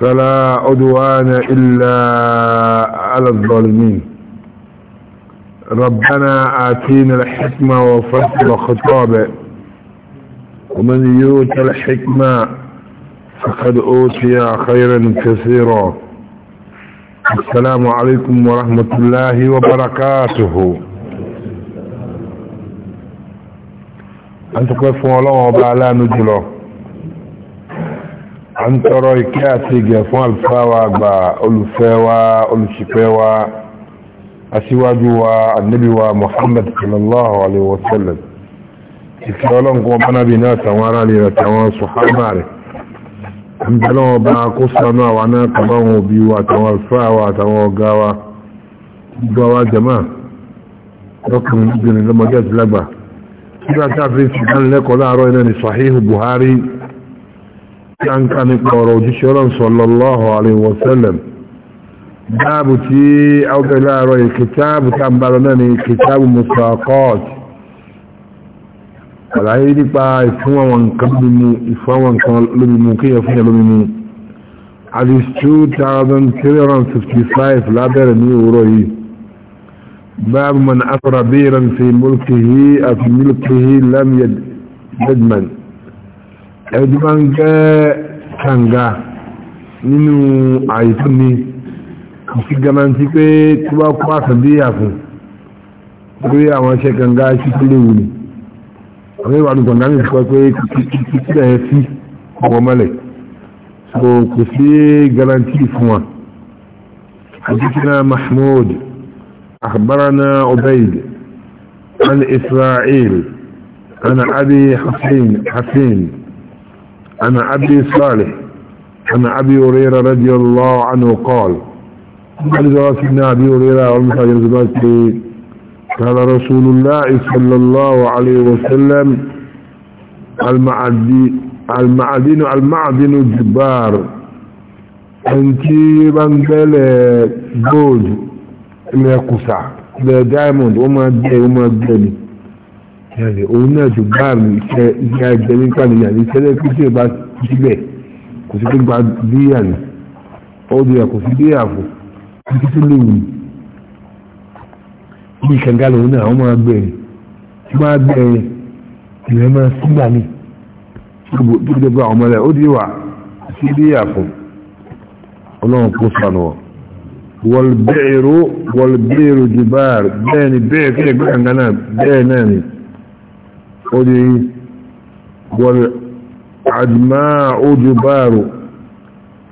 فلا عدوان إلا على الظالمين ربنا آتينا الحكمة وفصل خطابه ومن يوت الحكمة فقد أوتي خيرا كثيرا السلام عليكم ورحمة الله وبركاته أنت كيف الله وبعلا نجله a ń tọrọ ìkẹ́ àti ìgẹ̀ fún alfáwa àgbà olùfẹ́wa olùṣìpẹ̀wa aṣíwájú wa annabiwa muhammad sallallahu alaihi wasallam ìfẹ́ ọlọ́nkọ́ bánábi náà tàwọn ará lè tàwọn sùhámà rẹ̀ ń bẹ̀lọ́ ọba kó sánú àwọn náà kàbáwọn òbí wa tàwọn alfáwa àtàwọn ọ̀gá wa gbọ́ wa jama lọ́kùnrin lọ́mọdé كان كان يقرأ وجيشرا صلى الله عليه وسلم باب تي او بلا رأي كتاب كان برناني كتاب مساقات العيد با يفوا وان قبلمو يفوا وان قبلمو كي يفوا لبمو حديث 2355 لا برني ورأي باب من أثر بيرا في ملكه أو في ملكه لم يدمن ẹ̀dí bá ń gẹ́ kànga nínú ààyè tó ní kìí gamanti pé tí wá kó àkàndíyà fún lórí àwọn iṣẹ́ kànga sí tó léwu ni àwọn ìwàlú kànga ní ìfẹ́ pé kìí ẹ̀ sí ọwọ́ mọ́lẹ̀ so kò sí gamanti fún wa حدثنا محمود أخبرنا عبيد عن إسرائيل عن أبي حسين حسين عن أبي صالح عن أبي هريرة رضي الله عنه قال قال سيدنا أبي هريرة والمساجر زباتي قال رسول الله صلى الله عليه وسلم المعدين المعدين المعدين الجبار انتي بانجل جولد اللي قصع ده دايموند وما دايموند ìṣẹ̀lẹ̀ òun náà jù báàmù iṣẹ́ iṣẹ́ ẹgbẹ́ nípa nìyà ní ìṣẹ̀lẹ̀ kí tí o bá síbẹ̀ kò sí gbígba díyà ní ọdún yà kò sí díyà fún títí tó léwu ní bí ìkàngá lòun náà àwọn máa bẹ̀rẹ̀ tí máa bẹ̀rẹ̀ ìrẹ́ máa sígbà ní tó dé bá ọmọ rẹ̀ ó di wà sí díyà fún ọlọ́run kó sànù ọ́ والبئر والبئر جبار بين بئر كده كده بين بئر ناني ودي والعدماء جبار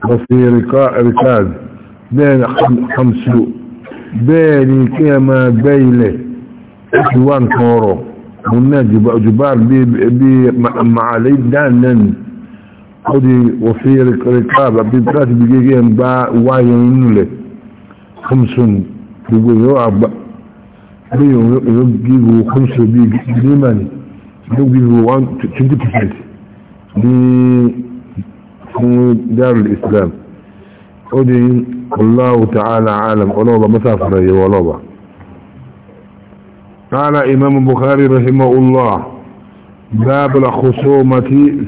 وفي ركاز بين خمس بين كما بيله اخوان كورو هنا جبار بي بي معالي دانن ودي وفي ركاب بيبرات بيجيين با واين له خمسون بيقولوا ابا بيو يجيبوا خمسة بيجي لمن بوجي الروان تبدي تفلت دار الإسلام أدي الله تعالى عالم ولا الله مسافر يا ولا قال إمام البخاري رحمه الله باب الخصومة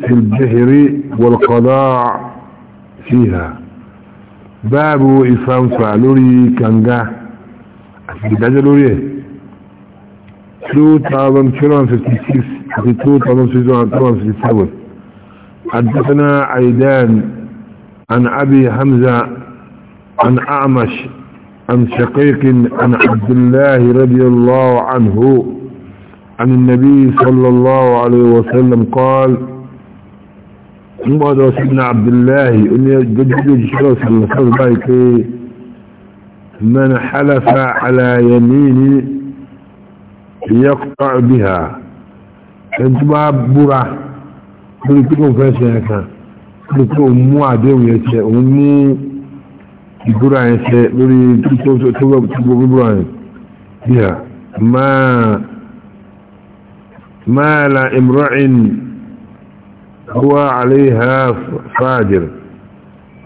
في البحر والقضاء فيها باب إسلام فعلوري كانجا بدأت لوريه 2056 في 2667 حدثنا عيدان عن أبي حمزة عن أعمش عن شقيق عن عبد الله رضي الله عنه عن النبي صلى الله عليه وسلم قال ماذا سيدنا عبد الله اللي جدد جشرة صلى الله عليه وسلم من حلف على يمين يقطع بها ẹni tó bá búra lórí pé òun fẹ́ ṣe ẹ̀ kan lórí pé òun mú àdéhùn yẹn ṣe òun mú ìbúra yẹn ṣe lórí tó gbogbo búra yẹn yà máa máa la imra'in huwa alayha fàájìr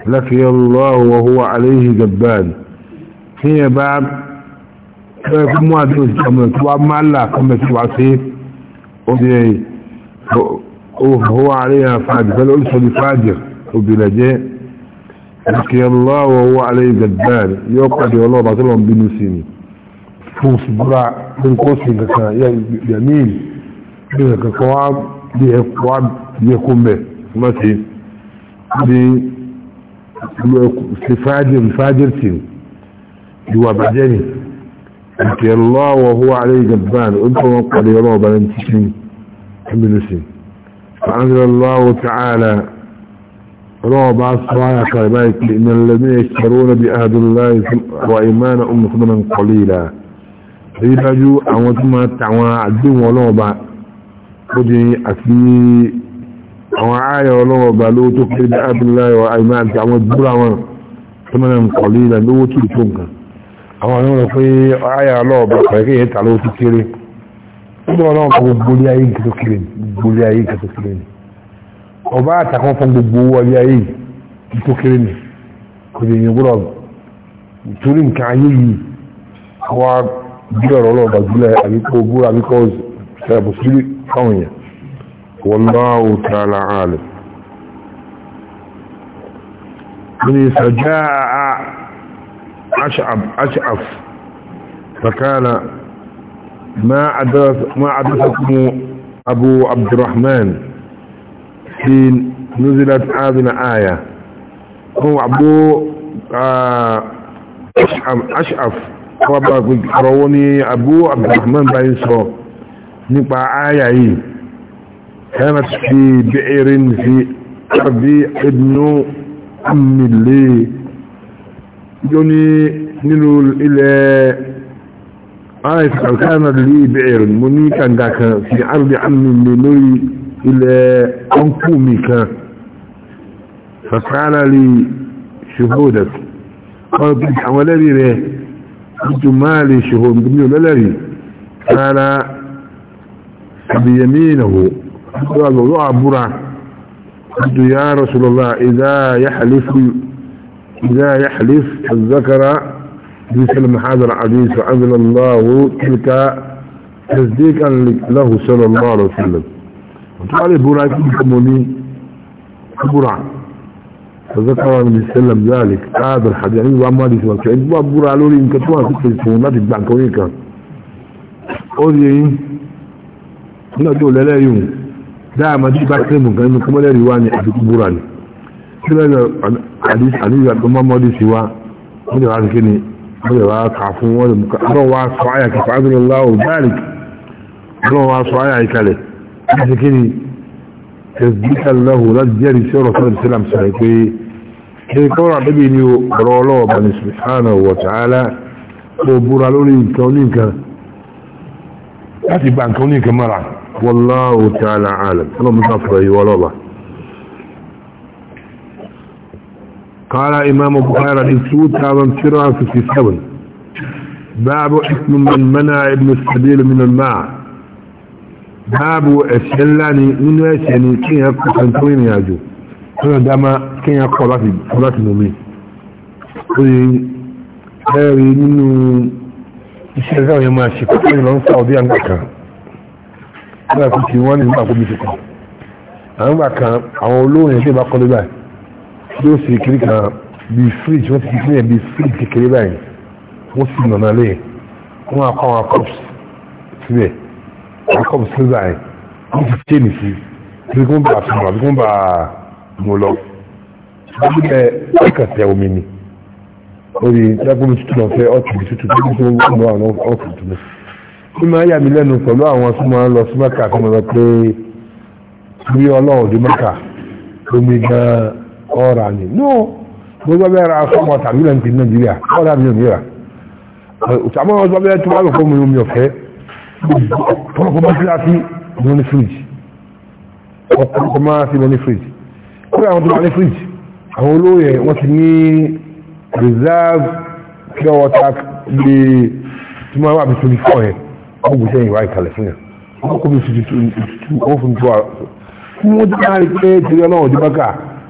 laqiya Allah wa huwa alayhi jabban kí yẹn bá fẹ́ fún mú àdéhùn ṣe ọmọ tó wá máa là kọ́mẹ̀ tó wá sí أدي وهو عليها فاجر بل ألسه لفاجر وبلجاء لقي الله وهو عليه جدال يوقد والله بعطلهم بنسيني فوس برع من قوسي يمين بها كقواب بها قواب يكون به ماشي دي فاجر فاجر تيو يوابع جاني أكي الله وهو عليه جبان أنتم وقال يا رب لن تشين حب نسي فأنزل الله تعالى رب أصرايا قربائك إن الذين يشترون بأهد الله وإيمان أم خدما قليلا حيث أجو أمتما تعوى عدو ولوبا خدني أكي وعايا ولوبا لو تفيد بأهد الله وإيمان تعوى الدرعوى ثمنا قليلا لو تلتونك àwọn ọlọ́run pé ayà ọlọ́ọ̀bà pẹ̀lú èyí tà ló ti kéré nígbà ọlọ́run kan gbogbo ilé ayé nǹkan tó kéré ni gbogbo ilé ayé nǹkan tó kéré ni ọba àtàkùn fún gbogbo owó ilé ayé nǹkan tó kéré ni kò lè yẹn gbọ́dọ̀ torí nǹkan ayé yìí àwa bí ọ̀rọ̀ ọlọ́ọ̀bà gbúlẹ̀ àbíkọ́ gbúra àbíkọ́ sẹ́ẹ̀bù sílé fáwọn yẹn wallahu ta'ala alim. أشعب أشعف فقال ما عدث ما عدثكم أبو عبد الرحمن حين نزلت هذه الآية هو أبو آه، أشعف أشعف روني أبو عبد الرحمن بايسو نبقى آية هي كانت في بئر في أرض ابن أم لي جوني نينو الى عايز كان لي بعير مني كان ذاك في ارض عمي مني الى انكومي كان فقال لي شهودك قال حوالي لي به قلت مالي شهود بني ولا لي قال بيمينه قال له برع قلت يا رسول الله اذا يحلف إذا يحلف الذكر بسلم هذا الحديث فأنزل الله تلك تصديقا له صلى الله عليه وسلم وقال برا كموني برا فذكر النبي صلى الله عليه وسلم ذلك هذا الحديث وما دي سوى كان برا قالوا لي انك توا في التليفونات البنكويكا قول لي لا دول لا يوم دعم دي باكلمك انك ما لا يواني ابيك kílẹ̀lẹ̀ àdíṣà tó mọ́mọ́dé sí wá wọ́n lè wá sí kíni wọ́n lè wá kà fún wọ́n lè mọ́ká ọlọ́run wá sọ àyà kìfà ábìrìlá ò dáàrík ọlọ́run wá sọ àyà ìkàlẹ̀ láti kíni tẹ̀síkàlẹ́hù láti jẹ́rì sí ọ̀rọ̀ sọ́rọ̀ sílám sọ̀rọ̀ pé kí kọ́rọ̀ àdébì ni ọ̀rọ̀ ọlọ́wọ̀ bani subhanahu láti gba قال إمام بخير الإنسود تابن سرعة في سبن باب اسم من منع ابن السبيل من الماء باب أشلاني من أشلاني كي يبقى سنتوين ياجو هنا داما كي يبقى لاتي لاتي مومي ẹ̀rí nínú iṣẹ́ ẹ̀rọ yẹn máa ṣe pẹ̀lú ìlọ́n sáwọ́dí àgbà kan nígbà tó ti wọ́n ní ìgbà kó bí ti tí ó sì kiri kan bíi fridge wọ́n ti kiri yẹn bíi fridge kékeré báyìí wọ́n sì nànà lé wọ́n á kọ́ àwọn cups síbẹ̀ àwọn cups síbẹ̀ yẹn wọ́n ti chain sí kí wọ́n bá fún wọn àbí wọ́n bá mú lọ. wọ́n bẹ ẹ̀ka tẹ omi ni orí dágbómi tútù náà fẹ́ ọ̀tún bí tútù tó ń bọ̀ wọ́n àwọn ọ̀tún tó ń bí máa yà mí lẹ́nu pẹ̀lú àwọn tó máa ń lọ sí mẹ́ka tó máa lọ pé bí ọlọ́run dé mẹ́ka omi gan-an ọ̀rà ni no gbogbo bẹ́ẹ̀ ra aṣọ ọmọ tàbí lẹ́nu ti nàìjíríà ọ̀rà mi ò ní rà òtàmọ́ ọjọ́ bẹ́ẹ̀ tí wọ́n rò fún mi omi ọ̀fẹ́ tọ́lọ́kọ́ bá sí láti mo ní fíríjì ọkọ̀ máa sí mo ní fíríjì kúrò àwọn tó máa ní fíríjì àwọn olóyè wọ́n ti ní reserve pure water lè tí wọ́n wà bí twenty four yẹn wọ́n gbèsè ìwà ìkàlẹ̀ fún yẹn wọ́n kọ́ bí tuntun ó fún tó wà fún wọ́n ti máa rí pé tẹ̀lé ọlọ́run ọdún bá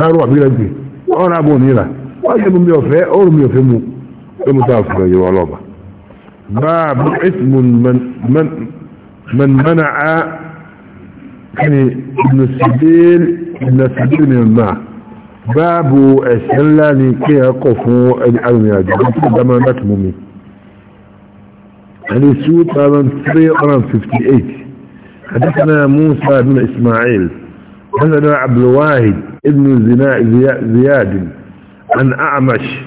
هاروا بلدي وانا ابوني له واجب ميو في اور ميو في مو يا لوبا باب اسم من من من منع يعني ابن السبيل ابن السبيل من الماء باب اسلا لكي اقفوا ان يا جبن دم مات مومي يعني سوت 358 حدثنا موسى بن اسماعيل حدثنا عبد الواحد ابن زياد عن أعمش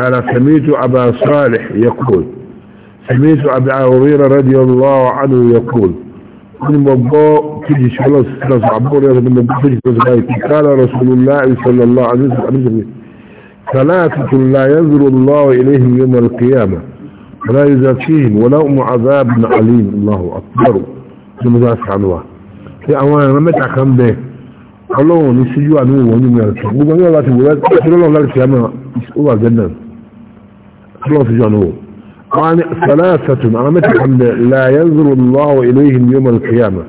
قال سميت أبا صالح يقول سميت أبا هريرة رضي الله عنه يقول من مبا تجي شلص شلص عبور يا من مبا قال رسول الله صلى الله عليه وسلم ثلاثة لا ينظر الله إليهم يوم القيامة ولا يزكيهم ولا أم عذاب عليم الله أكبر المزاسع عنوان في أوان متى كان به ọlọ́run ní síjú àmì òwò nínú ẹ̀sìn gbogbo ní ọ̀la ti wò ẹ́ tí ọlọ́run láti fìyàmọ́ ó wà jẹ́nà ọlọ́run síjú àmì òwò wọn ni sàlẹ́sàtún àwọn mẹ́ta kan bẹ̀ láyé zòrò lọ́wọ́ iléyìn ní ọmọ alkiyama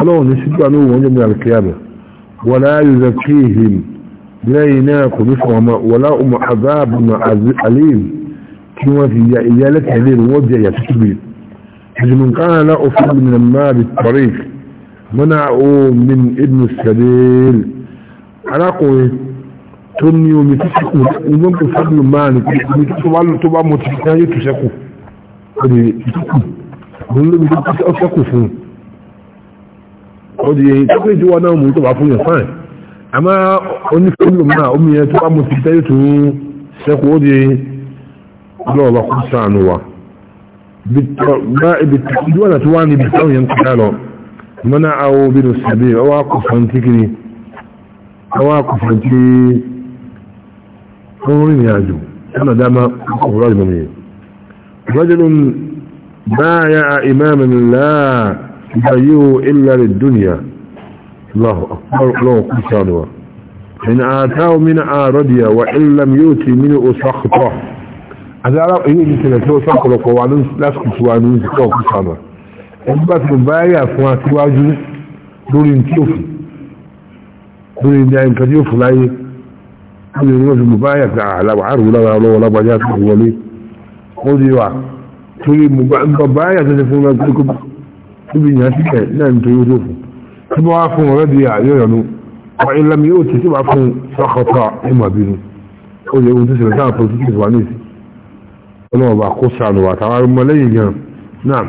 ọlọ́run ní síjú àmì òwò nínú alkiyama wọn á yóò zẹ kí him lẹ́yìn náà kò ní fún ọmọ wọn á ọmọ azáàbù mà alim kí wọ́n fi ya ìyá lẹ́tẹ̀lé wọ́n jẹ yàtútù bí منعوا من ابن السبيل arákùnrin tó ní omi títí kù inú kò fẹ́lú máa ní omi tó bá lò tó bá mọ̀ tí kí ayé tó sẹ́kù ọdí ìtùkù òun lóbi tó kí ọ sẹ́kù fún ọdí èyí tó pé ìjọwọ́ náà mú tó bá fún yẹn fáìn àmá onífẹ́lú máa omi yẹn tó bá mọ̀ tí kí ayé tó sẹ́kù ọdí ọlọ́ọ̀lọ́kùn sáànù wa bí ìjọwọ́ náà tó wá níbi táwọn yẹn kọjá lọ منعه بن السبيل اواقف فانتكني اواقف فانتي قولين يعجو انا داما اقف رجل رجل بايع اماما لا يبايعه الا للدنيا الله اكبر الله قصانوا ان اتاه من ارديا وان لم يؤتي منه سخطه هذا رأيه يجي تلاتيه سخطه وعنون لا سخطه وعنون سخطه ẹni bá ti báyà fún aṣíwájú lórí tí ó fún lórí ní ayé nǹkan tí ó fún láyé lórí ní oṣù báyà pé àlàwà ah, àrùn lára lọ́wọ́ lágbàjá tó wọlé ó di wà torí báyà tó ti fún ọmọ ẹgbẹ́ kókó níbi ìyàn sí kẹ̀ náà nítorí ó tó fún tí wọ́n á fún ọ̀rẹ́ di àyọ̀ ìrànú wọ́n ilẹ̀ yóò ti tí wàá fún sọ́kọ̀tọ̀ ìmọ̀ àbínú ó yẹ ohun tó ṣẹlẹ̀ sáà pọ̀ tó ti wà ní ìsìn ọlọ́wọ́ bá kó sànù àtàwọn ọmọ lẹ́yìn gan náà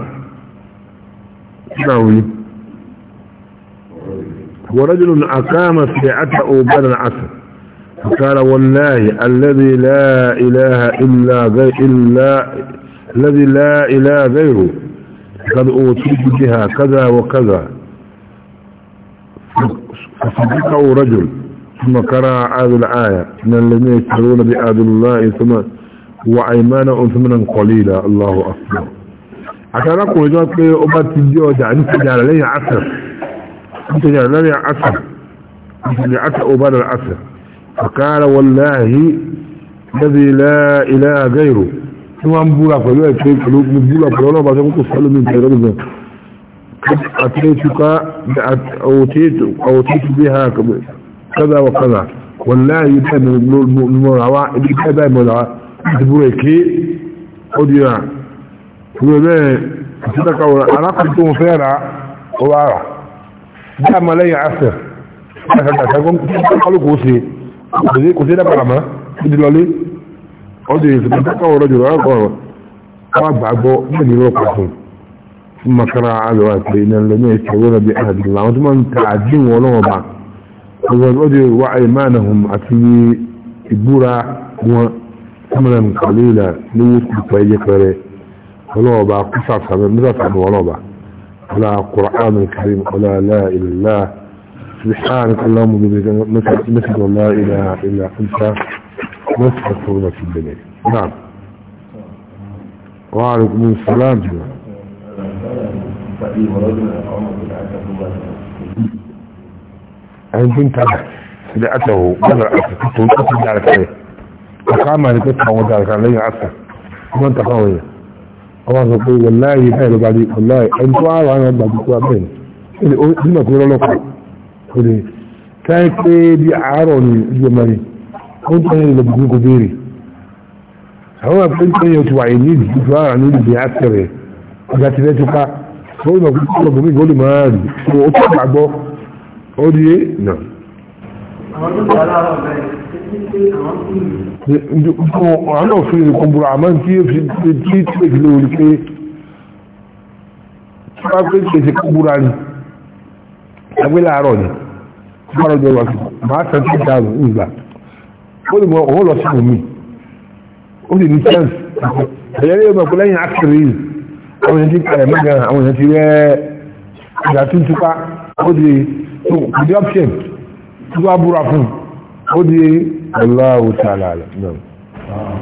هو ورجل أقام في عتأ بعد العصر فقال والله الذي لا إله إلا غير إلا الذي لا إله غيره قد أوتيت بها كذا وكذا فصدقه رجل ثم قرأ هذه الآية من الذين يشترون بآد الله ثم وأيمانهم ثمنا قليلا الله أكبر àtàràkùnrin náà pé ó bá ti dé ọjà nítòjà rẹ̀ lẹ́yìn asẹ̀ nítòjà rẹ̀ lẹ́yìn asẹ̀ nítòjà asẹ̀ ó bá dà asẹ̀ ọ̀kára wọláhì lẹ́bí ilẹ̀ agẹ́rò tí wọ́n ń búra pẹ̀lú ẹ̀kẹ́ pẹ̀lú búra pẹ̀lú ọlọ́ba tó kókò sọ́lọ́mì pẹ̀lú ọlọ́ba أتيتك أوتيت أوتيت بها كذا وكذا والله يتبع المرعوة يتبع المرعوة يتبعك أدرع wọ́n bẹ́ẹ̀ ìṣẹ́dàkà wọ́n fẹ́ ra ọwọ́ ara bí a máa lẹ́yìn asẹ̀ àṣàkàṣàgbọ́n kálukú ṣe kò sí ولوبا قصة مدافع ولوبا ولا قرآن الكريم ولا لا إلا الله سبحانك اللهم بذلك مثل ولا إله إلا أنت مثل صورة البنية نعم وعليكم السلام جميعا أنت انت سلعته ماذا أكثر كنت أسر دارك عليه أقام لك أسر ودارك عليه أسر وانت قوية àwọn sọ pé wọláyé báyìí lọ́ba di wọláyé ẹni tó àwọn àwọn àgbà tó wà bẹ́ẹ̀ ni nígbà tó lọ́lọ́pàá kò lè táyé pé bí àárọ̀ ni ìjọ mẹ́rin ó ń tẹ́lẹ̀ lọ gbogbo béèrè àwọn àpẹẹrẹ yẹn ti wà ní ìdìbò ara ní ìdìbò àtẹrẹ ọjà ti rẹ ti ká ó lọ kó kó lọgbọmí ìgbó lè máa rí ó tó gbàgbọ́ ó rí é nà. àwọn tó ń bá aláwọ̀ bẹ́ẹ̀ ọ̀rọ̀ náà fi ìrìn kan búra àmọ́ tí ó fi tí tí tí èdè lórí pé tí wọ́n fi ṣèṣe kan búra ni ẹgbẹ́ láàárọ̀ ni tí wọ́n rọ̀jọ̀ wà máa tẹ̀ tí ìjà rù ìgbà ó lè mọ òun lọ sí omi ó lè ní chance ẹ̀yẹ́ lè mọ̀ pé lẹ́yìn àkìrì yìí àwọn Allahu ta'ala alam náà.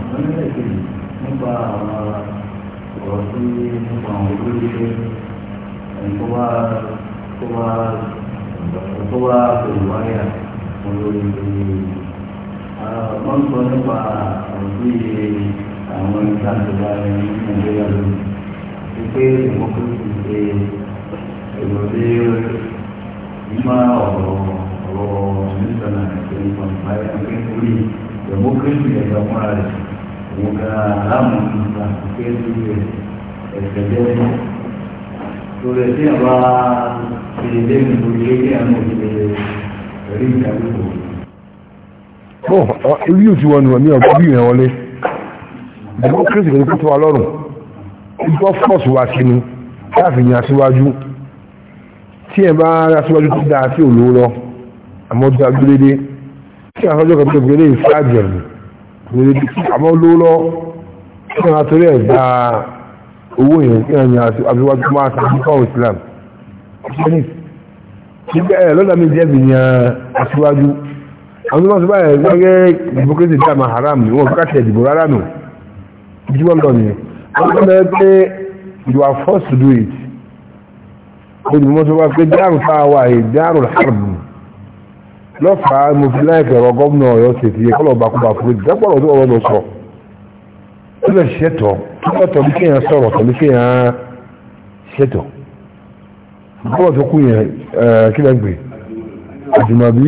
nípa ọ̀rọ̀ ọ̀rọ̀ mínísítọ̀nà twenty point five ẹgbẹ́ orí democracy ẹ̀ka fúnra rẹ̀ òun kan aláàmú nípa kéésì rẹ̀ ẹ̀sẹ̀ jẹ́ lórí ẹ̀sìn àbá ṣe lẹ́nu lórí ẹgbẹ́ àwọn òṣèlè rí ìdádúgbò. bọ́ọ̀ ilé yóò ti wọ nù ní ọgbọ́n bí ìrìn wọlé democracy kò ní kó tó wa lọ́rùn ìjọ fọ́ọ̀sì wa sí ni láàfin yàn síwájú tí ẹ bá rà síwájú tó dáa sí òlòó lọ àmọ́jú agbélédé tí àwọn ọjọ́ kan tó gbélé ìfáàjẹ̀mù gbélédé tí àmọ́ ló lọ tí wọ́n torí ẹ̀ gba owó yẹn kí wọ́n yàn àfiwájú máa ta ní fáwọn Islam nígbà ẹ̀ lọ́dà mi jẹ́bi yan aṣíwájú àwọn tó máa sọ báyìí gbẹ́gẹ́ democracy dáàmà haram ni wọ́n fi káṣẹ̀ ìdìbò rárá nù bí wọ́n lọ nìyẹn wọ́n tó bẹ́ẹ̀ pé you are forced to do it. Olùmọ́sọ wá pé dáàrù fáwà yìí dáàrù harb lọ́fàá mo fi láì fẹ̀rọ gómìnà ọ̀yọ́ ṣètì yẹ kọ́lọ̀ bá kúbà fún ìdẹ́pọ̀ lọ́dún ọ̀rọ̀ lọ sọ tó lè ṣètò tó tọ́lú kéèyàn sọ̀rọ̀ tọ́lú kéèyàn ṣètò bọ́lọ̀ tó kú yẹn eh, kí lẹ́ gbé àjùmọ̀bí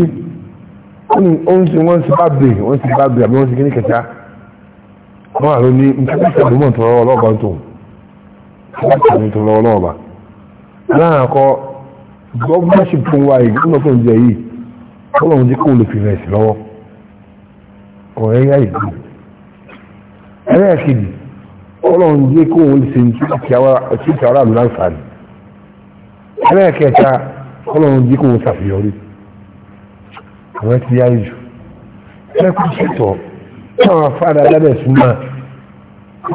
wọ́n ti wọ́n ti bá bè wọ́n ti bá bè àbí wọ́n ti kí ní kẹta wọ́n àlọ́ ní nǹkan tó ṣàdúmọ̀ tó lọ́wọ́ kọ́lọ̀hún jẹ́ kó lè fi rẹ̀ sí lọ́wọ́ ọ̀rẹ́ yá ìdí ẹlẹ́ẹ̀kejì kọ́lọ̀hún jẹ́ kó lè ṣe tí kí ara lù láǹfààní ẹlẹ́ẹ̀kẹta kọ́lọ̀hún jẹ́ kó lè ṣàfihàn àwọn ti yá ìjù ẹlẹ́kùn ṣètò táwọn afárá lábẹ́ súnmọ́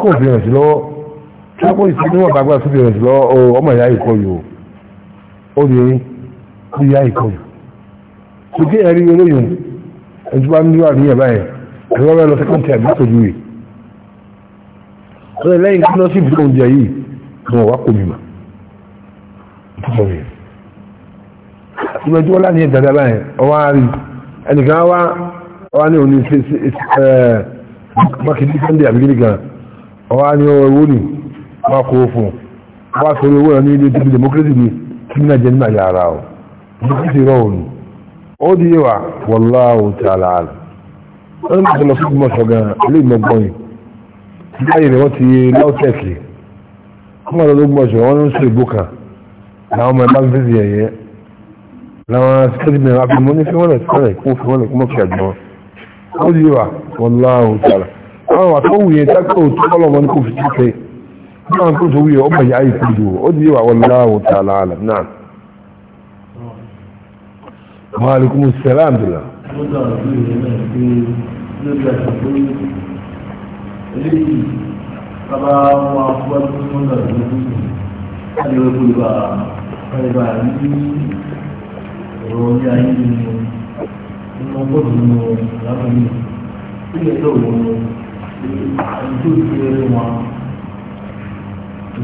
kó fi rẹ̀ sí lọ́wọ́ tí wọ́n kó ìsinmi wọn bá gbà tó fi rẹ̀ sí lọ́wọ́ ọmọ ìyá ìkọyò kò dé ẹ̀rí eléyìí ẹjú bá ń lọ àníyàn báyìí ẹ̀rọ rẹ̀ lọ sẹ́kọ̀ǹtì àbí tòjú rẹ̀ ọ̀rẹ́ lẹ́yìn kí lọ sí ibi tó ń yìí ni wọ́n wá kò mímọ̀ ìgbẹ́jú ọlá ní ẹ̀dàdà báyìí ọwá rí ẹnìkan wá ọwá ní òní mákìdí sunday àbígírí gan ọwá ní owó ní wá kó fún wá sọ owó rẹ̀ ní ilé democracy ní kí ní ó di yíwa wallahu ta'ala alam wọ́n ní ìṣẹ̀lẹ̀ fún ìmọ̀ ṣọ̀gán ilé ìmọ̀gbọ́n yìí báyìí ni wọ́n ti láwọ́tẹ̀kì wọ́n máa lọ́dún gbọ́n ṣọ̀gán wọ́n ń sọ ìbò kan làwọn ọmọ ẹ̀ máa ń fèsì ẹ̀yẹ làwọn sẹ́ẹ̀dì mẹ́rin wá fi mọ́ ní fi wọ́n lẹ̀ sẹ́rẹ̀ kó fi wọ́n lẹ̀ kó mọ́ fi àjọ ó di yíwa wallahu ta'ala àwọn wà tó wùyẹ tákò tó Maaleykum salaam dula.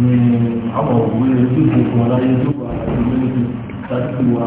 Ni àwọn òwe tó ṣe fún ọláyé tó wà láti ilé ìgbà tí wà.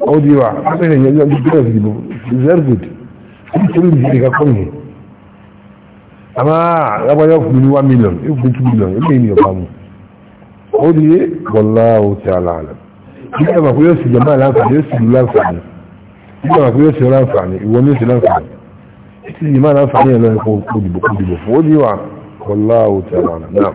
ó di wa abẹ́rẹ́ yẹn ní ọdún bẹ́ẹ̀ ìdìbò very good nítorí ìdílé kakọ́ yẹn àmà lábáyé ọkùnrin ní one million yóò fún two million yóò lẹ́yìn ọba mu ó di bọ́lá ó ti àlà àlà nígbà àmà pé yóò sì jẹ́ máa láǹfààní yóò sì lù láǹfààní nígbà àmà pé yóò sì láǹfààní ìwọ ni yóò sì láǹfààní títí ìmọ̀ wa bọ́lá ó ti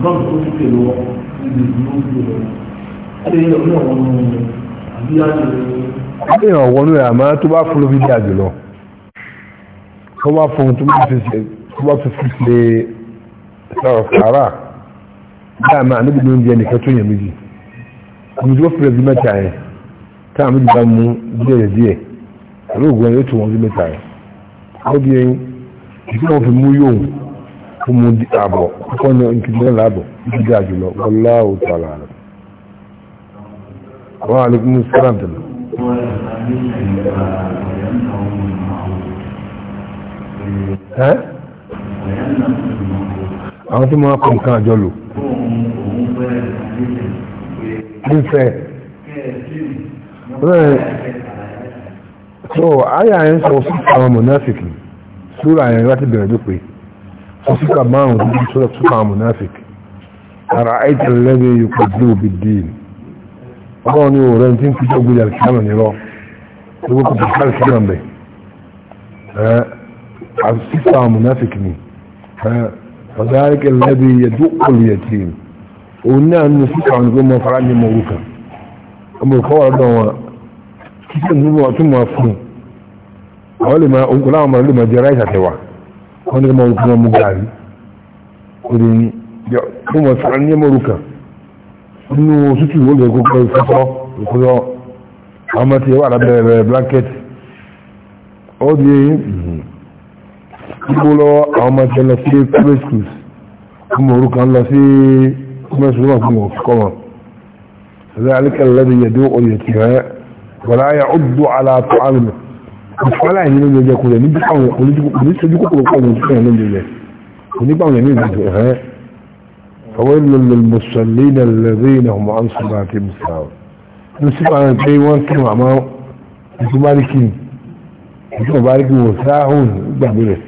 bọ́ọ̀lù tó tètè lọ ibi ìdúró ń lò ṣé ọlọ́run àbí àjò. Ilé ìrànwọ́ ní àmọ́ tó bá fún lóbi díà jùlọ. Tó bá fún tó bá fi ṣe tó bá fi fi ṣe sọ̀rọ̀ kàrà. Bí àmọ́ àníbi ní oúnjẹ nìkan tó yẹ méjì. Omi tó fẹ́rẹ̀ bí mẹ́ta yẹn. Táà méjì bá mú díẹ̀ díẹ̀. Àlóògùn yóò tó wọn bí mẹ́ta yẹn. Ó di Ìdí kó mú àbọ̀ kó ní ìkìdílẹ̀ lábọ̀ gíga jùlọ wọláwò tààlà rẹ̀ wọ́n alékún sẹ́ràn tẹ̀lé àwọn tí wọ́n kọ́ nǹkan àjọ lò nífẹ̀ so àyà yẹn sọ fún àwọn mọ̀násìkì súra yẹn láti bẹ̀rẹ̀ lópin suka márùn ún sura suka munafik ara aitar lẹ́gbẹ̀ yóò kọjú obìdín ọgbọ́n ni òòrẹ́ tí ń fíjọ gbìyà kíámà nírọ́ gbogbo kò tàbí kíámà mẹ́ suka munafik ni fàdáríkẹ lẹ́gbẹ̀ yẹ dúkọlù yẹ tí òun náà ní suka wọn gbọ́n mọ́ fara ní mọ́ orúkà ọmọ òkọ́ wà lọ́dọ̀ wọn kíkẹ́ nínú ọtún mọ́ fún àwọn lè máa òun kò láwọn mọ́ lè máa jẹ ráìsà tẹwàá wọ́n ní kọ́mọ̀ fún ọmọ gàrí orí ní ọmọ sọ̀rọ̀ ní ẹmọ orúkà nínú òtútù ó lè kókó ìfọ́tọ́ ìkúrọ́ ọmọ tí wà lábẹ́rẹ̀ blanket ó di gbogbo lọ àwọn ọmọ tí lọ sí private schools ọmọ orúkà ń lọ sí commercial náà fún òkúkọ́ wọn ذلك الذي يدعو اليتيم ولا يعد على طعامه ìfọ́lá ìní ló jẹ kúrẹ̀ níbi káwọn oníṣojú kòkòrò pọ̀ lóṣù fún ẹ̀ lóúnjẹ jẹ onígbà wọn ní ìgbàjọ ẹ̀hẹ́ fọwọ́ lọ́lọ́ mùsùlùmí na lẹ́rẹ́ na ọmọ ansùnmá àti mùsùlùmí ló sì máa ń pé wọ́n kí wọn àmọ́ ìtú báríkì ìtú báríkì wọn sáhùn gbàgbé rẹ̀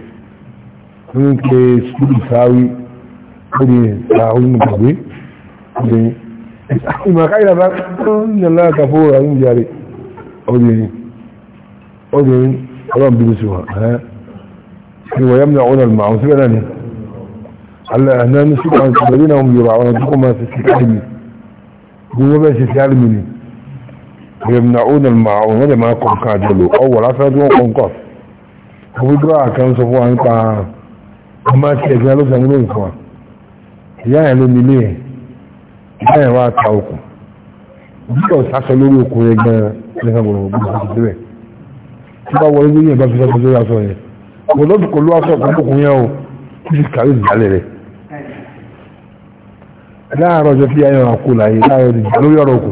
wọ́n ń pe sùkúlù sáwí ó bá ń yàrá kàfó obìnrin ọlọ́run bí sí wọn ni wọ́n yẹ́mìnà ọ̀nà ìmọ̀ àwọn síbẹ̀ náà ni aláàánú sí àwọn ìpàdé náà yóò àwọn ọdún máa ṣe sí àlùmí bí wọ́n bẹ́ẹ̀ ṣe sí àlùmí ni yẹ́mìnà ọ̀nà ìmọ̀ àwọn ọdún máa kọ̀ ká jọlọ ọwọ́ lásán tí wọ́n kọ̀ nǹkan ọkùnrin tó wà kan sọ fún wa nípa ọmọ àti ẹ̀gbẹ́ alóṣèlú ní lóyún fún wa ìyá ẹ̀ ló nílé ẹ̀ ìyá ẹ̀ wá ta okùn bí kò sásọ lórí okùn ẹgbẹ́ ẹ̀ bá wọlé ní ìyẹn bá fi sọ́kọ̀ lórí aṣọ yẹn kò lọ́dún kò ló aṣọ ọ̀pọ̀lọpọ̀ yẹn o kí sì kàrí ìjálẹ̀ rẹ̀ láàárọ̀ ọjọ́ tí ayọ̀ àkó láyé láàárọ̀ ìjà lórí ọ̀rọ̀ òkú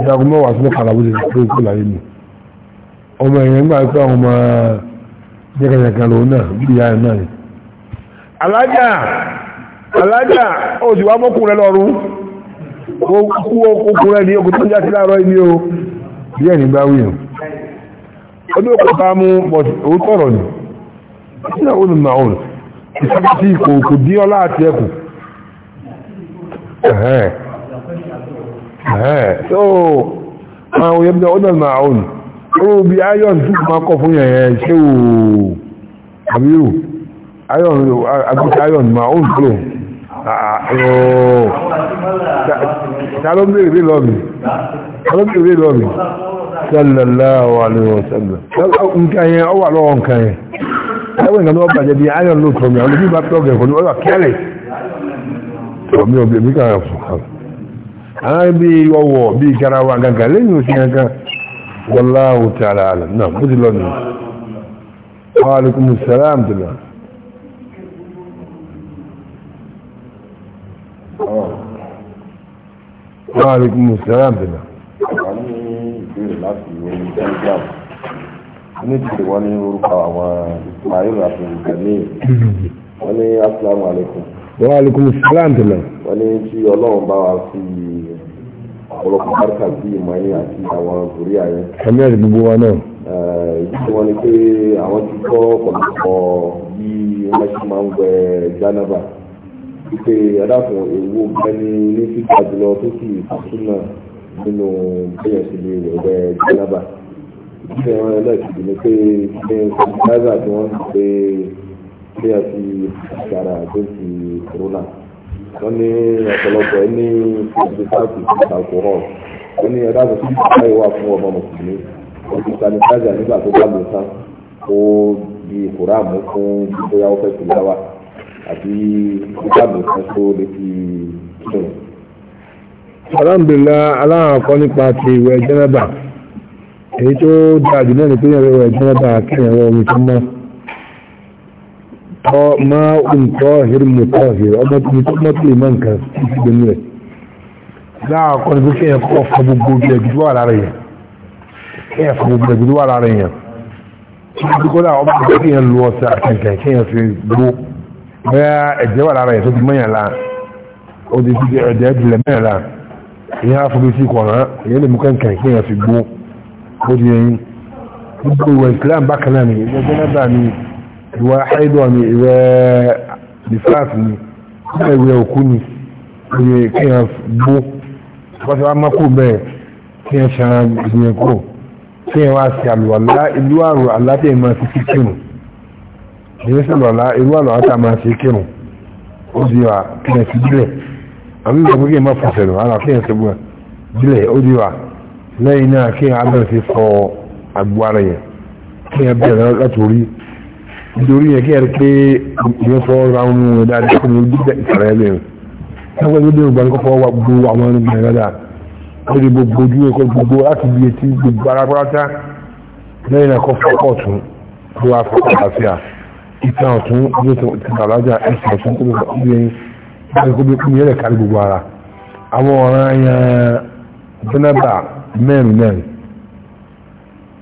ìjagun mẹ́wàá sí mọ́kànlá bó ti fi kó òkú láyé ni ọmọ ẹ̀yẹn gbà pé àwọn ọmọ jẹ́kẹ̀jẹ̀kẹ̀ lòun náà bí ìyá ẹ̀ náà ni. alájà alájà ó sì wá mọ́kùnrin lọ́rùn ó kú okùnrin ní okùn tó ń já láàárọ̀ ìní o bí ẹ̀ nígbà wíyàn ọdún ọkọ̀ bá mú òótọ́rọ̀ ni ṣíṣẹ́ òun ma òun ìṣẹ́gbẹ́ sí ikò òkò dí ọlá àti ẹkù ẹ̀hẹ́n ẹ̀hẹ́n tó àwọn òyìn bí ọdún ma òun ó bí ayọ́n tó máa kọ́ fún yẹn ṣé ò àbírò ayọ́n sallallahu alaihi wasallam nǹkan yẹn ọwà lọ́wọ́ nǹkan yẹn ẹwọ́ nǹkan lọ́wọ́ bàjẹ́ bí iron ló mi àwọn olùbí bá tọ́gẹ̀ kò mi wallahu ta'ala alam wa wa láti orí telegram níbi wọ́n ní orúkọ àwọn ismail àti ìgbẹ̀mí wọ́n ní asalaamu alaykum. wọ́n alaykum salaam tẹ̀lẹ̀. wọ́n ní tí ọlọ́run bá wa fi ọ̀pọ̀lọpọ̀ bárkà sí ìmọ̀ yín àti àwọn òrí ayé. ẹ̀mí ẹ̀rí gbogbo wa náà. Eh, ìdí tí wọ́n ní pé àwọn ti kọ́ ọ̀pọ̀lọpọ̀ bí wọ́n ṣe máa ń gbẹ jánábà wípé ẹ̀dá fún ewu gbẹ́ni ní fíjà jùlọ tó sì fàtúnà nínú bẹ́yẹn sí ilé rẹ̀ rẹ̀ jálábà ìdílé wọn ẹlẹ́ẹ̀kejì ni pé ní sọmọláìsà tí wọ́n ti pé bí a ti ṣàrà tó ti kòrónà wọ́n ní ọ̀pọ̀lọpọ̀ ẹ ní ìdíkàkù alcohol wọ́n ní ẹ̀dá àgbẹ̀ tí báyìí wà fún ọmọ mùsùlùmí wọ́n ti sanitizer nígbà tó bá lò tán ó di kòráàmù fún bóyá ó fẹ́ tìlẹ̀ wà àbí bóyá lò tán tó lè fi kírun alhamdulilah aláàkọ́ nípa ti ìwẹ̀ jẹ́nẹ́bà èyí tó dáa jù náà ní pé ìwẹ̀ ìwẹ̀ jẹ́nẹ́bà kíyàn rọ omi tó mọ́ tọ́ máa ń tọ́ ìrìnmù tọ́ ìrìn ọmọ tó tó mọ́ tó lè mọ́ nǹkan tí ti gbẹ̀mí rẹ̀ láàkọ́ ní pé kíyàn kọ́ fọ gbogbo ilẹ̀ ìyá fúbi sí kọ̀ọ̀rán èyí lè mú kẹ́kẹ́ ìpín ẹ̀fì gbó ó di ẹyin gbogbo ìwà islam bákan náà ni ìwà jẹ́nàbà ni ìwà haidọ̀ ni ìwà nifas ni ìwà ìwà òkú ni ìwà kéèyàn gbó wọ́n ti wá mọ́kù bẹ́ẹ̀ kéèyàn ṣara ìgbìyàn kúrò kéèyàn wá sí àlùwàlá ìlú àrùn aláàbẹ̀ máa ti kírun ìwé sàlùwàlá ìlú àrùn aláàbẹ̀ máa ti kírun ó di wa kéèyàn fi bílẹ̀ àbí ìgbàgbọ́ kí n má fọ̀sẹ̀ lọ ara kí n ṣe gbọ́n bílẹ̀ ó di wa lẹ́yìn náà kí n abẹ́rẹ́ sí fọ àgbo ara yẹn kí n bẹ̀rẹ̀ láti orí nítorí yẹn kí n rí pé ìyẹn fọ́ ra ń mú un dáadáa kó ní ojú ìtàrà ẹ̀ lẹ́yìn ẹgbẹ́ ìlú ìgbà ní kọ́kọ́ wà gbogbo àwọn ẹni gbẹ̀rẹ̀ dáadáa ó di gbogbo ojú ẹ̀kọ́ gbogbo láti bí etí gbogbo ara pátá lẹ́yìn náà kọ́ fọ́kọ̀ ọ̀tún gbogbo kúmi yẹlẹ kárí gbogbo ara àwọn ọ̀ràn yẹn jẹ́nàbà mẹ́rin mẹ́rin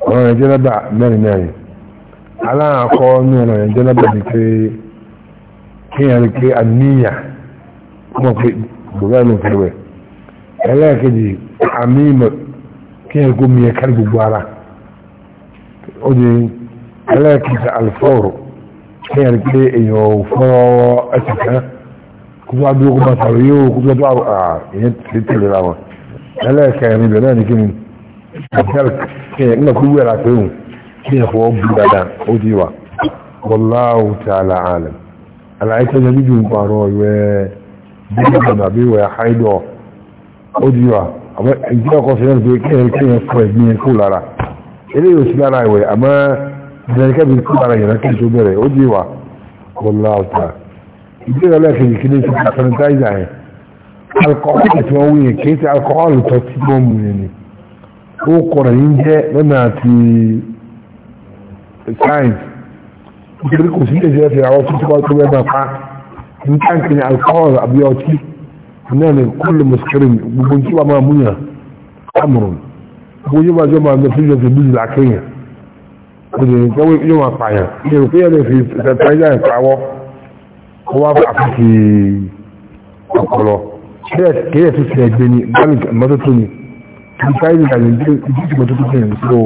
ọ̀ràn yẹn jẹ́nàbà mẹ́rin mẹ́rin aláàkọ́ ní ọ̀ràn yẹn jẹ́nàbà ní pé kíyàn rí pé àníyàn mọ̀ pé gbogbo ẹ̀lú fẹ́wẹ̀ ẹlẹ́ẹ̀kejì àmì ìmọ̀ kíyàn kó mi yẹ kárí gbogbo ara ó di ẹlẹ́ẹ̀kejì àlùfọ́ọ̀rọ̀ kíyàn rí pé èèyàn ò fọ́rọ̀ ẹ̀sìn kan kúrò àdúró kó bá sàrò yóò kúrò tó àwọn ah, ìyẹn ti tẹ̀lé ra wọn ẹlẹ́ẹ̀kẹrin ibẹ̀ náà ní kíni nígbà kúrò ẹ̀rà pé òun kí ẹ̀fọ́ bú dáadáa ó ti wà wallahu ta'ala alam àlàyé tó yẹn dídùn pààrọ̀ ìwẹ́ bíbí àbí ìwẹ́ àìdọ̀ ó ti wà àmọ́ ìjẹ́ ọkọ̀ sí ẹ̀rọ pé kéèyàn fọ ẹ̀gbìn yẹn lára eléyìí ò sí lára ìwẹ̀ àmọ́ ìdẹ̀rẹ̀kẹ́ kú lára yẹn tó bẹ̀rẹ̀ ó ti wà ìbéèrè ọlọ́ọ̀kejì kí ní ti di sanitizer yẹn alcohol tí wọ́n wúyẹn kì í ṣe alcohol tó ti mọ́ mu yẹn ni ó kọ̀rọ̀ yín jẹ́ lọ́nà àti science nítorí kò sí ẹ̀jẹ̀ ẹ̀fẹ̀ àwọn tó ti kọ́ tó bẹ́ẹ̀ máa pa ní táǹkì ní alcohol àbí ọtí náà ní kúlù mùsùlùmí kó wá àfíìsì ọpọlọ kéyẹ tó ti ẹgbẹ́ ni gbámi mọ́tótó ni kí táyé ìgbà ní ìdí tí mọ́tótó ní ìlú tó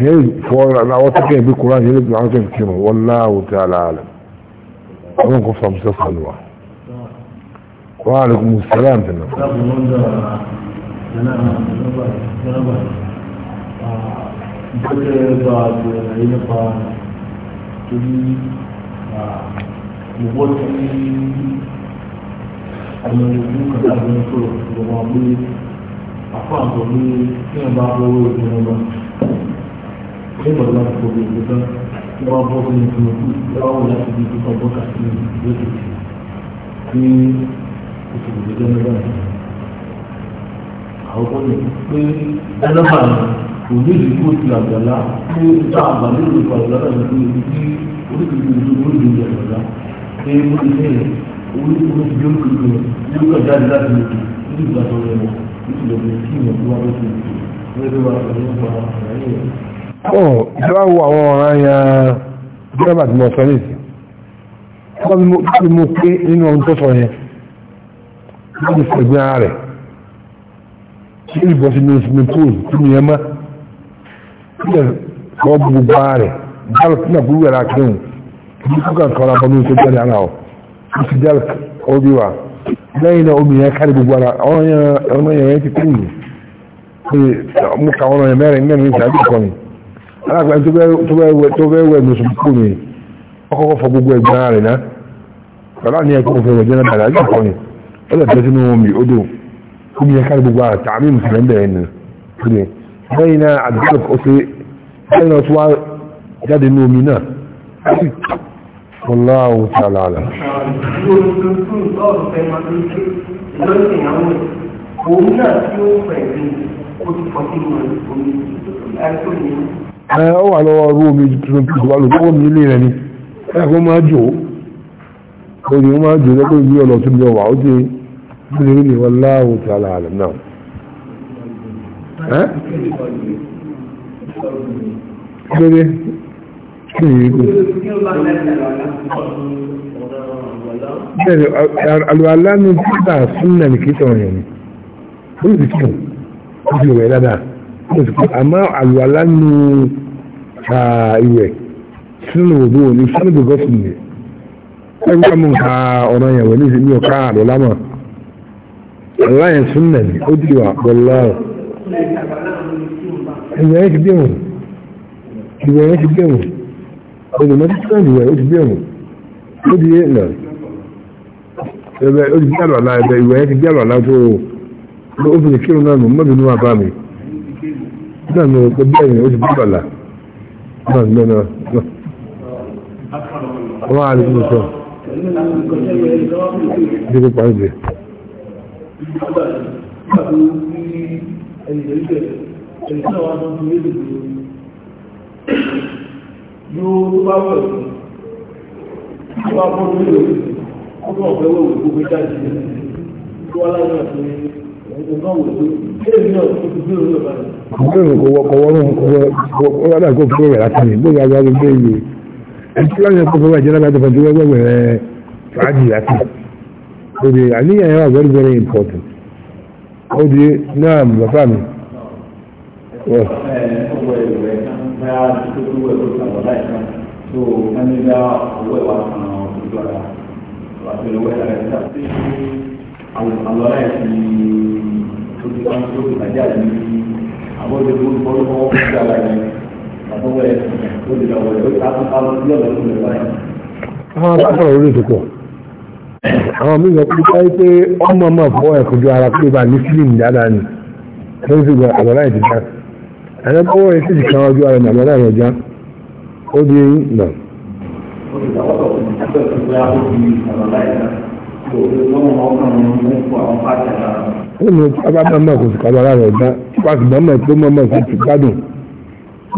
ìyẹn fọ́ àwọn tó kẹ́ ìgbé kóra ìyẹn lóbi àwọn tó ń kí mọ̀ wọ́n láwò tí a láàlẹ̀ àwọn nǹkan fún àmúṣe fún àlùwà wọ́n á lè kún sẹ́lá àǹtẹ̀ náà. Ìgbésẹ̀ gba àgbẹ̀ àyè nípa torí ìwọ ti fi àwọn ìlú kan láti ń sọ̀rọ̀ ìjọba pé àpá àgbọ̀ pé kí wọ́n bá bọ́ ìjọba náà nígbà tó láti fòbí ìlú tán tí wọ́n bọ́ sí ìlú láwọn láti fi ìlú kan bọ́ káàkiri ìlú tó ti ní ìṣòro ìjọba náà àwọn kan ní pé ẹlẹ́fà kò ní ìdíkú ti àgbàlá pé ìta àgbàlá ìlú ìpàdé lọ́dọ̀ ní orí ti orí ti ìlú ìlú ìlú ìjọba náà pé ó ti fẹ́ yẹn olùkúrò bí olùkúrò ní olùkọ́ jáde láti lè ní ìgbà tó rẹ̀ wọ̀ ní ìlọ́gbìn tí ìyẹn tó wá ló ti lè lè wá pẹ̀lú ọgbà ọ̀rẹ́ yẹn. ọ̀ ìjọba wo àwọn ọ̀ràn ya dírẹ́bà tí mo sọ ní ìsìn wọ́n mú pé nínú ohun tó sọ yẹn wọ́n ti fẹ̀gbẹ́ ara rẹ̀ tí ó bọ́ sínú sínú pool tí mi yẹn mọ́ tí ó bọ́ gbogbo ara rẹ̀ bá lọ sí àgbúrú ẹ̀rọ akéwọ̀n bí kúkà kọ́ra bọ́ lóṣù jáde ara ọ̀ ó ti jáde ọdí wa lẹ́yìn náà omi yẹn kárí gbogbo ara ọmọ yẹn ti kú yìí pé mú ka ọmọ yẹn mẹ́rin ni. ní ìsàlẹ̀ kọ́ni alágbà tó bẹ́ẹ̀ wẹ̀ lóṣù kú mi ọkọ̀kọ́ fọ gbogbo ẹ̀gbọ́n rẹ̀ náà bàbá ni ẹ̀kọ́ òfin rẹ̀ jẹ́nà dàdà yìí kọ́ni ó lè tẹ́sí nínú omi odò omi yẹn kárí gbogbo ara tààmì mùsùlùmí bẹ̀rẹ̀ nù lẹ́yìn náà àdúgbò ó ti lẹ́yìn náà tó wá jáde nínú omi náà والله تعالى اعلم ó wà lọ́wọ́ ọrú omi ìgbàlùkọ́ omi ilé rẹ̀ ni ẹ̀kọ́ máa jò ó ní máa jò lẹ́kọ́ ìlú ọ̀nà tó lọ wà ó dé nílé ní wọ́n láàrùn tí a láàrẹ̀ náà ẹ́ bẹ́ẹ̀ alùwàlá ní pípa súnmọ̀ ní kìí sọ̀rọ̀ yẹn ó sì kí ó sì wẹ̀ dáadáa ó sì kí àmọ́ alùwàlá ní ìwẹ̀ súnmọ̀ òbó ní súnmọ̀ gbogbo ẹgbẹ́ mú nǹka ọ̀rọ̀ ọdún mẹ́rin tí wọ́n ìwẹ̀ oṣù bẹ́ẹ̀mù ó di ẹ̀nà ẹ̀bẹ̀ ó ti bí àlọ́ àlá ẹ̀bẹ̀ ìwẹ̀ ti bí àlọ́ àlá tó ó fi lè kírun náà nù mọ́bí nínú àbá mi náà nù pé bẹ́ẹ̀ ni ó ti bí àlọ́ àlá náà nù náà wọ́n á lè fún sọ dípò pàǹdé. Thank you yóò tó bá wọ̀ sí tó bá bọ́ lórí òkú ó kàn fẹ́ wọ̀ òkú gbé jáde tó wá láwọn àti òun náà wò ó kéèmí náà tó ti gbé òun náà báyìí. kò wọ́kọ̀ wọ́n kò wọ́n dàgbò fún ìwé láti rìn bóyá wọ́n gbé ìwé ẹtí wọ́n yẹ kó fún ìwé láti fún ìwé wẹ́wẹ́rẹ́ fàájì láti òde àníyàn yẹn bàbá mi bóyá títí owó ẹ̀kọ́ ìgbà wọ́n láìka tó wọ́n ní bá owó ẹ̀wà kan ojú ara àti owó ẹ̀rọ ẹ̀rọ ìta tí àlọ́lá ẹ̀ ti ẹ̀rọ bọ́wọ́ yìí sì kan ọjọ́ ara màmá náà rọjá ó di eyín nà. ó ní abábá náà kò sì kan ara rọjá pàṣẹ mọ́mọ́ tó mọ́mọ́ sí ti gbádùn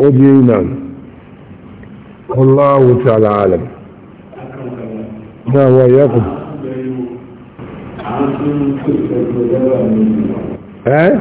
ó di eyín nà. alam.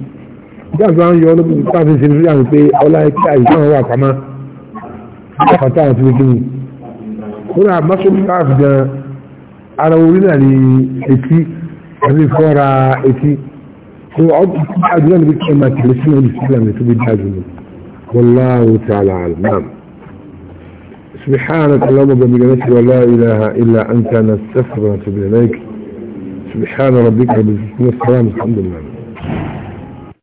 ìjáàtú àwọn yọ ọlọ́pù káàfin sí nítorí àwọn pé ọlá ẹ̀kẹ́ àìsàn wà pamá àfàtà àti wíkíní ó rà mọ́sùn káàfin gan ara orí náà ní etí àti fọ́ra etí tó àdúrà níbi kí ẹ máa tẹ̀lé sínú ìlú sílẹ̀ mi tó bí dájú ni wallahu ta'ala alam سبحانك اللهم وبحمدك ولا اله الا انت نستغفرك ونتوب اليك سبحان ربك رب العزه والسلام الحمد لله